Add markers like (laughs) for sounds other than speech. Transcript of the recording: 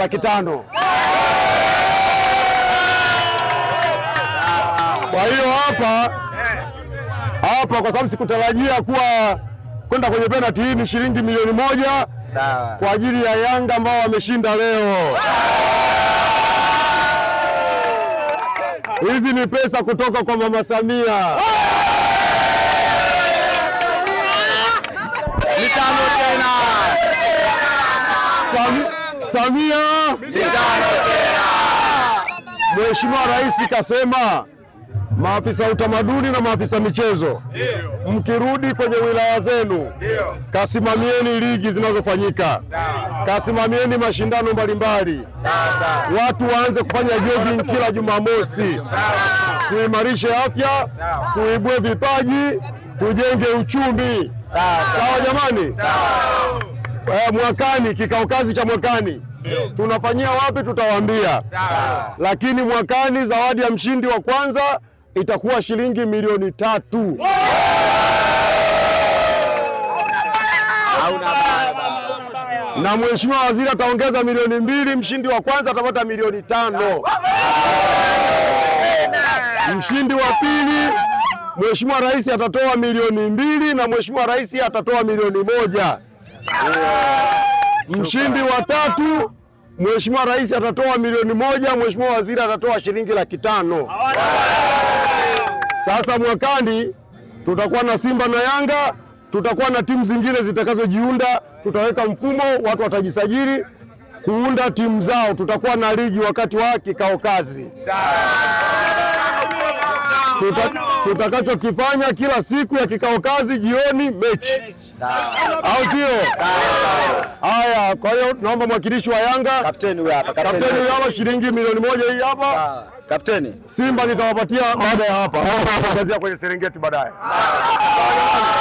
Laki tano. Kwa hiyo hapa hapa, kwa sababu sikutarajia kuwa kwenda kwenye penalti hii, ni shilingi milioni moja sawa, kwa ajili ya Yanga ambao wameshinda leo. Hizi ni pesa kutoka kwa Mama Samia. Mitano tena. Samia mitano tena. Mheshimiwa Rais kasema maafisa utamaduni na maafisa michezo, mkirudi kwenye wilaya zenu, kasimamieni ligi zinazofanyika, kasimamieni mashindano mbalimbali, watu waanze kufanya jogging kila Jumamosi, tuimarishe afya, tuibue vipaji, tujenge uchumi. Sawa jamani? Sawa. Eh, mwakani, kikao kazi cha mwakani tunafanyia wapi, tutawaambia, lakini mwakani zawadi ya mshindi wa kwanza itakuwa shilingi milioni tatu. na mheshimiwa waziri ataongeza milioni mbili. Mshindi wa kwanza atapata milioni tano. Mshindi wa pili, mheshimiwa rais atatoa milioni mbili na mheshimiwa rais atatoa milioni moja. Mshindi wa tatu Mheshimiwa Rais atatoa milioni moja, Mheshimiwa Waziri atatoa shilingi laki tano. Sasa mwakani tutakuwa na Simba na Yanga, tutakuwa na timu zingine zitakazojiunda, tutaweka mfumo, watu watajisajili kuunda timu zao, tutakuwa na ligi wakati wa kikao kazi. Tuta, tutakachokifanya kila siku ya kikao kazi jioni mechi au sio? Haya, kwa hiyo naomba mwakilishi wa Yanga kapteni huyu hapa, kapteni huyu hapa, shilingi milioni moja hii hapa kapteni. Simba nitawapatia baada ya hapa, (laughs) kwenye Serengeti baadaye.